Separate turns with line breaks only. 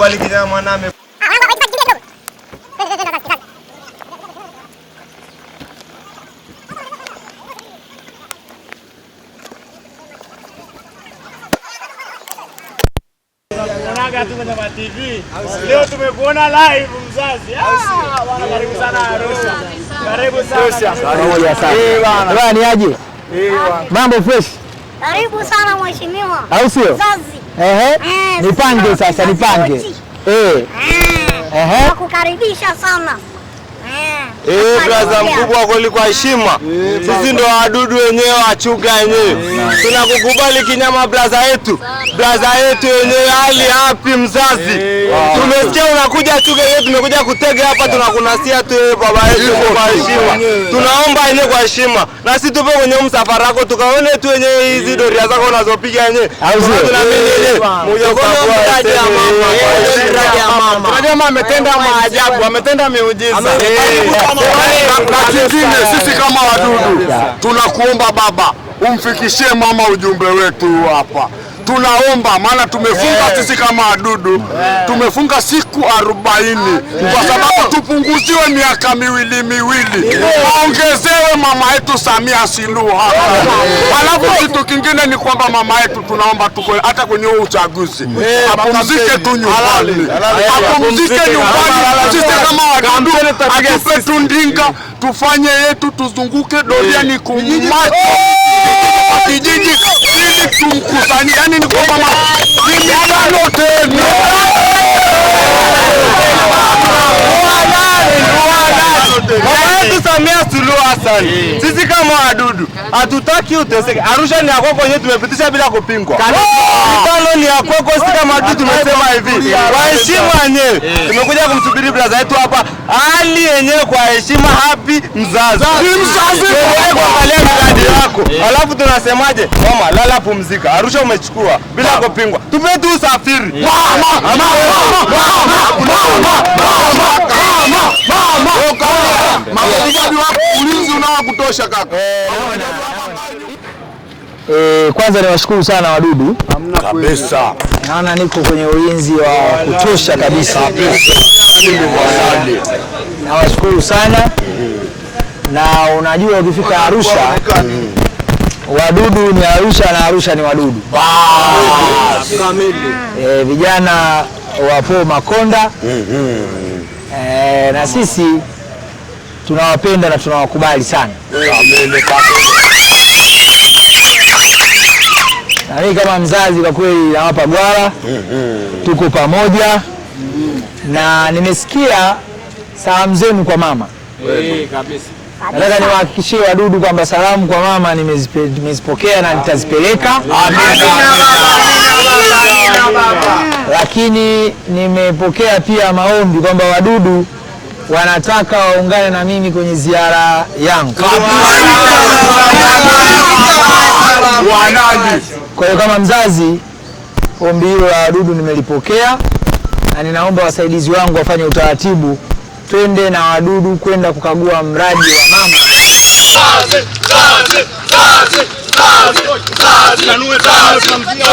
Kubali kijana mwaname. Leo tumekuona live mzazi. Ah, karibu sana Arusha. Karibu sana.
sana. Eh, bwana. ni aje? Eh, Mambo fresh.
Karibu sana mheshimiwa.
Au sio? Mzazi. Ehe. Eh, nipange sasa, nipange. Eh.
Ah, nakukaribisha sana.
Eh, braza mkubwa kweli kwa heshima. Sisi ndo wadudu wenyewe wachuga wenyewe. Tunakukubali kinyama braza yetu. Braza yetu wenyewe hali hapi mzazi. Tumesikia unakuja chuga yetu tumekuja kutega hapa tunakunasia tu wewe baba yetu kwa heshima. Tunaomba yenyewe kwa heshima. Na sisi tupo kwenye msafara wako tukaone tu wenyewe hizi doria zako unazopiga wenyewe.
Tunaamini yenyewe.
Mtaji ya mama. Mtaji ya mama ametenda maajabu, ametenda miujiza na kingine, sisi kama wadudu tunakuomba Baba, umfikishie mama ujumbe wetu hapa tunaomba maana tumefunga eh. sisi kama wadudu, eh. tumefunga siku arobaini eh. kwa sababu tupunguziwe miaka miwili miwili, waongezewe mama yetu Samia Suluhu hapa. Alafu kitu kingine ni kwamba mama yetu tunaomba tuko hata kwenye huo uchaguzi apumzike tu nyumbani, apumzike nyumbani. Sisi kama wadudu atupe tundinga tufanye yetu, tuzunguke doria ni kumacho oh! kijiji tumkusani, yani ni kwamba mikutano tena yetu Samia Suluhu Hassan, eh. sisi kama wadudu hatutaki uteseke. Arusha ni akoko yenyewe tumepitisha bila kupingwa. Makoko sisi kama watu tumesema hivi kwa heshima yenyewe, tumekuja kumsubiri brother yetu hapa. hali yenyewe kwa heshima, happy mzazi, kuangalia miradi yako, eh. alafu tunasemaje? Mama lala, pumzika. Arusha umechukua bila kupingwa, tupe tu usafiri ulinzi unaokutosha kaka. Eh.
E, kwanza niwashukuru sana wadudu
kabisa.
Naona niko kwenye ulinzi wa kutosha kabisa. Nawashukuru sana na unajua ukifika Arusha wadudu ni Arusha na Arusha ni wadudu. E, vijana wapo Makonda e, na sisi tunawapenda na tunawakubali sana. na mimi yaani kama mzazi kwa kweli nawapa gwara
mm -hmm.
Tuko pamoja
mm -hmm.
Na nimesikia salamu zenu kwa mama
hey, eh, kabisa.
Nataka niwahakikishie wadudu kwamba salamu kwa mama nimezipokea na nitazipeleka. Lakini nimepokea pia maombi kwamba wadudu wanataka waungane na mimi kwenye ziara yangu
wanaji.
Kwa hiyo kama mzazi, ombi hilo la wadudu nimelipokea na ninaomba wasaidizi wangu wafanye utaratibu, twende na wadudu kwenda kukagua mradi wa mama kazi, kazi, kazi, kazi, kazi, kazi, kazi, kazi.